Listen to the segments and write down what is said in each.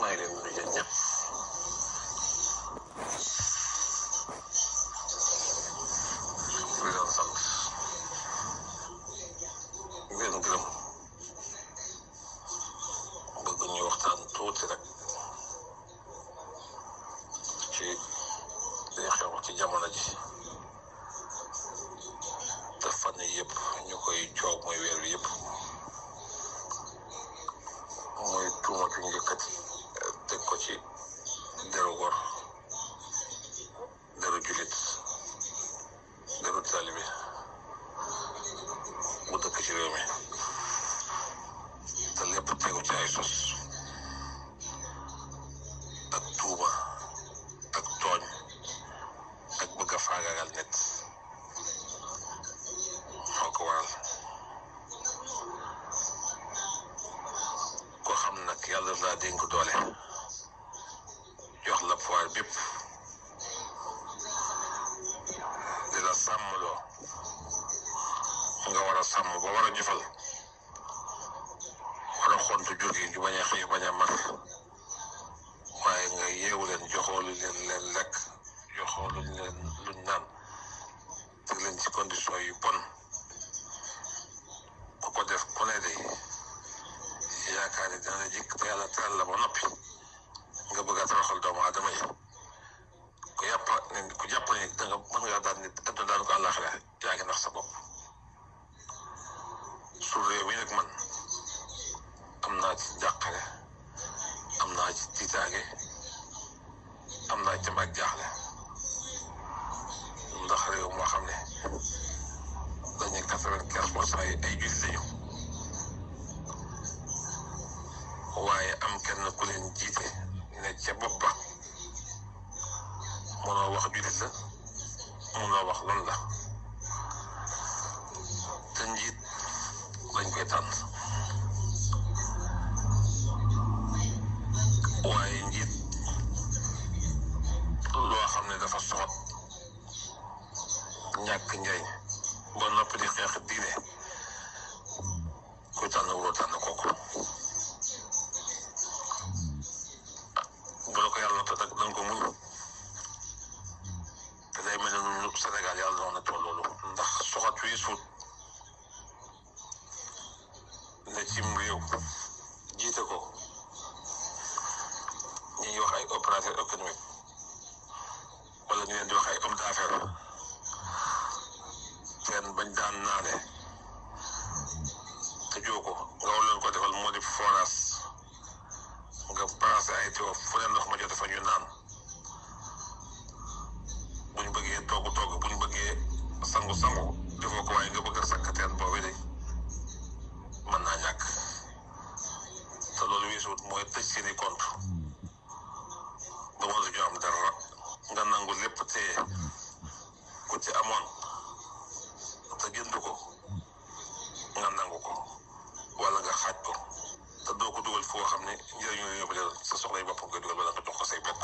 Mayra Nurjan'cığım. Güzel sanmış. gën gërëm bëgg ñu waxtaan tuuti rek ci li xew ci jamono ji te fan yëpp ñu koy coow muy weer wi yëpp mooy tuuma ju njëkkati lokaci da rogor da rujulit da rutsalibi mutu kashirai mai war a sàmm ba war a jëfal war a xontu jur gi ñu a xëy a mar waaye nga yeewu leen joxoo leen lekk joxoo leen luñ naan teg leen ci condition yu bon ku ko def ku ne de yaakaar ne dina la jikk te yàlla nga bëgg a toroxal doomu aadama yi ku yàpp ne ku jàpp ne danga mën ngaa daan nit ko àllaaxira yaa ngi nax sa bopp quatre-vingt-quinze pour cent yi ay am kenn ku leen jiite ne ca bopp ba mënoo wax jullit la mënoo wax lan la te njiit lañ koy tànn waaye njiit loo xam ne dafa soxot ñàkk njëriñ ba noppi di xeex diine ku tànn wuroo tànn kooku bu la ko yàlla natt nag danga ko muñ te day mel ne lu Sénégal yàlla doon na toll loolu ndax soxat wii suut ne cim réew jiite ko ñuy wax ay opérateur économique wala ñu leen di wax ay homme d'affaires teen bañ daan naane tëjoo ko nga war ko di forage nga placé ay tuyaux fu ne ndox ma jot soxlay boppam nga dugal wala nga jox ko say bokk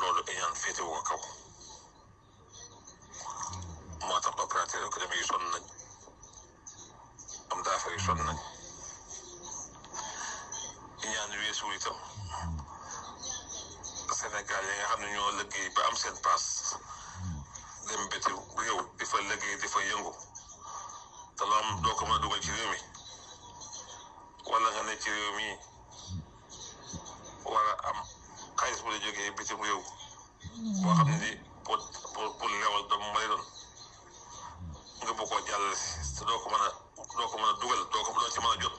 loolu ayaan féete woo kaw moo tax opérateur économique yi sonn nañ am d'affaires yi sonn nañ ñaan weesu itam Sénégal yi nga xam ne ñoo liggéey ba am seen paas dem bitim réew di fa liggéey di fa yëngu te loo am doo ko mën dugal ci mi wala nga ne ci mi. war am xaalis bu la jógee bitim bu boo xam ne pour pour pour lewal doomu ma lay doon nga bu koo jàllale si doo ko mën a doo ko mën a dugal doo ko doo ci a jot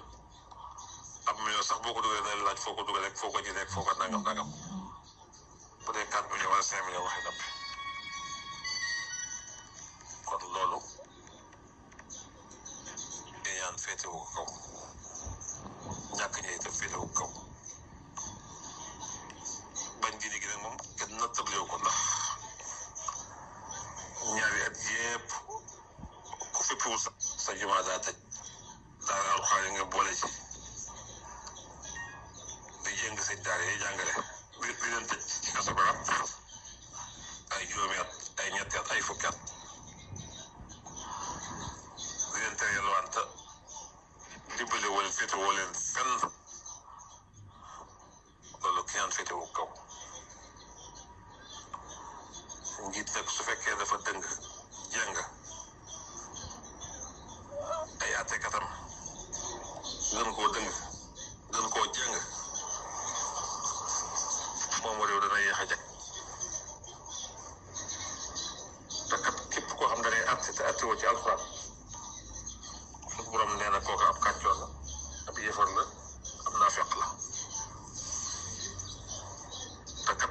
am million sax boo ko dugalee day laaj foo ko dugal rek foo ko jëlee rek foo ko nangam nangam bu dee quatre millions wala cinq millions waxi dàpp tuus sa jumaa daa tëj daara alxuraan yi nga boole ci di jëng sëñ daara yi jàngale bi bi leen tëj ay juróomi at ay ñetti at ay fukki at di leen tere yalwaan te dimbali wala féetewoo leen fenn ak si attewoo ci alxuraan suñu borom nee na kooku ab kàccoor la ab yëfar la am naa fekk la te kat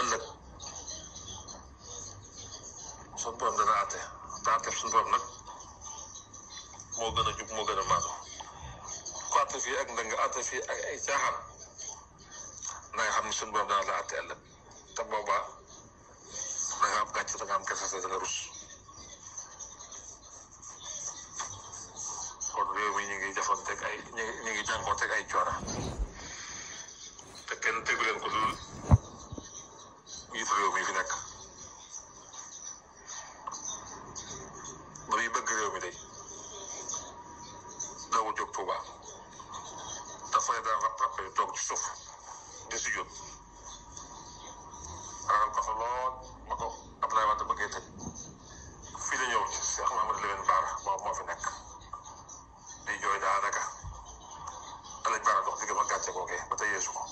ëllëg suñu borom dana àtte te àtte suñu borom nag moo gën a jub moo gën a maanu ku àtte fii ak ndëng àtte fii ak ay caaxaan na nga xam ne suñu borom dana la àtte ëllëg te boobaa da nga am gàcce da nga am kersa da nga rus. réew mi ñu ngi jafanteeg ay ñu ngi ñu ngi jànkuwanteeg ay coono te kenn tegu leen ko dul njiitu réew mi fi nekk ba muy bëgg réew mi day dawul jóg Tuuba dafa daa rap rap toog ci suuf di si jot सकोगे बताइए इसको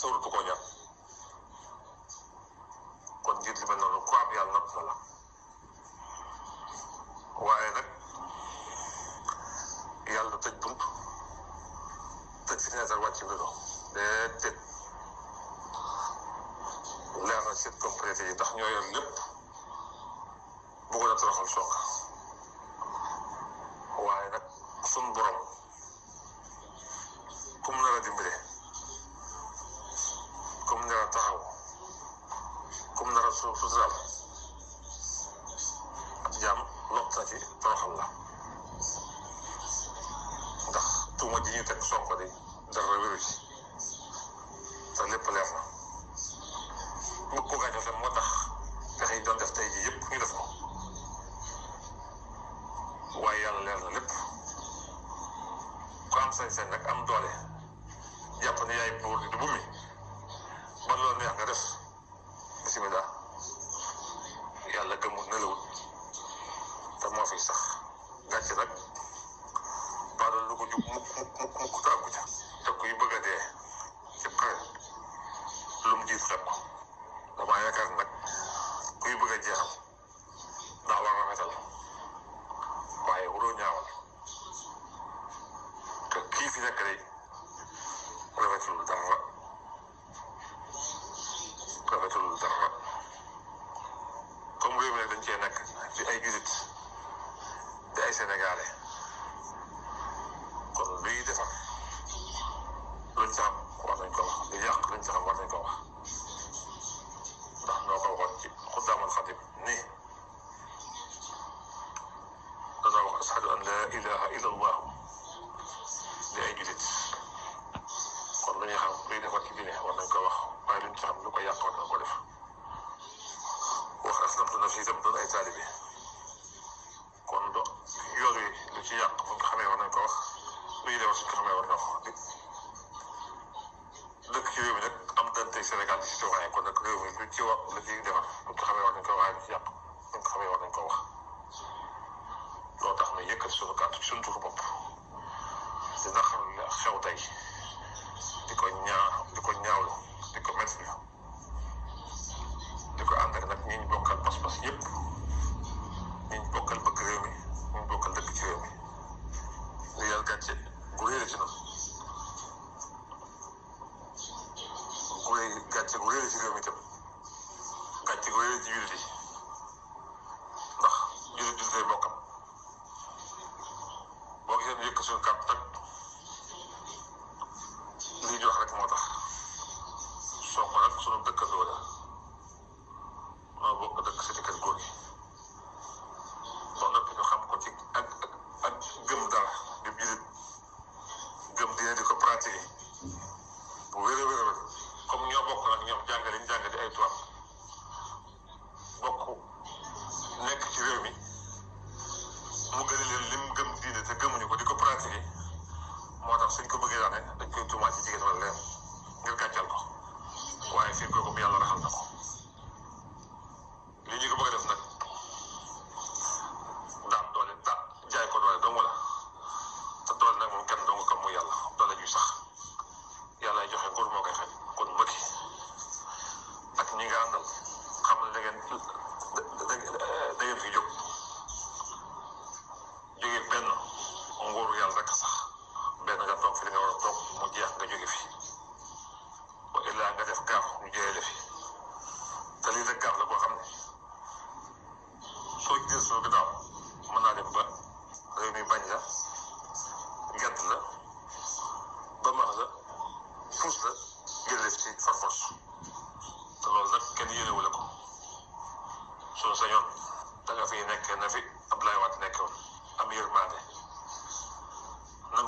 sawul bu ko ñor kon njiit li mel noonu ku am yàlla napp na la waaye nag yàlla tëj bunt tëj fenêtre wàcc bureau leer na seet comme yi ndax ñoo yor lépp bëggoon a toroxal Sonko nopp na ci toroxal la ndax tuuma ji ñu teg Sonko di dara te lépp leer na bëgg ko gaañoo tam moo tax pexe yi doon tey jii yëpp ñu def ko waaye yàlla leer na lépp ku am sañ-sañ doole yaay buur لا كري قلبة الذرة قلبة الذرة comme réew mi nag dañ cee nekk di ay jullit di ay sénégalais kon luy defar luñ ci xam war nañ ko wax luy yàq luñ ci xam war nañ ko wax ndax noo ko waxoon ci xuddaamal xadim nii danaa wax ashadu an la ilaha illa allah yi defoon ci Guinée war nañ ko wax waaye luñ ci xam lu ko yàq war nañ ko def wax aslamtu nafsi itam doon ay taalibe kon do yoon wi lu ci yàq bu nga xamee war nañ ko wax lu ñu defar suñ ko xamee war nañ ko wax dëkk ci réew mi nag am dante Sénégal ci citoyen kon nag réew mi lu ci wax lu ci defar lu ko xamee war nañ ko waaye lu ci yàq lu ko xamee war nañ ko wax loo tax na yëkkat suñu kàddu ci suñu turu bopp dina xam ne xew tey ko ñaa di ñaawlu di ko métti di ko ànd nag ñi ñu pas-pas yëpp ñi ñu bokkal bëgg réew mi ñi ñu dëkk ci réew mi di yàlla gàcce gu réer ci noonu gu réer gàcce gu réer ci réew mi tam gàcce gu réer ci jullit yi ndax jullit du fay bokkam boo gisee ñu yëkk suñu kàpp nag li ñu wax rek moo tax Sonko nag sunu dëkkandoo la moo bokk dëkk si kër góor gi ba noppi ñu xam ko ci ak ak gëm dara di jullit gëm di ko pratiquer bu wér kom wér comme ñoo bokk nag ñoom jàngale ñu jàngale ay tubaab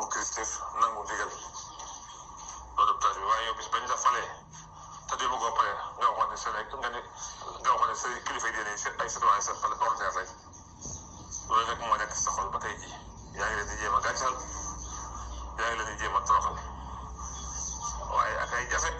nangu kilifteef nangu ndigal loolu toj bi waaye yow bis bañ la falee te dee bëggoo pare nga waxoon ne seen nga ne nga waxoon ne seen kilifa yi dee seen ay citoyen seen pale ordinaire lañ loolu nag moo nekk sa xol ba tey jii yaa ngi leen di jéem a gàccal yaa ngi leen di jéem a toroxal waaye ak ay jafe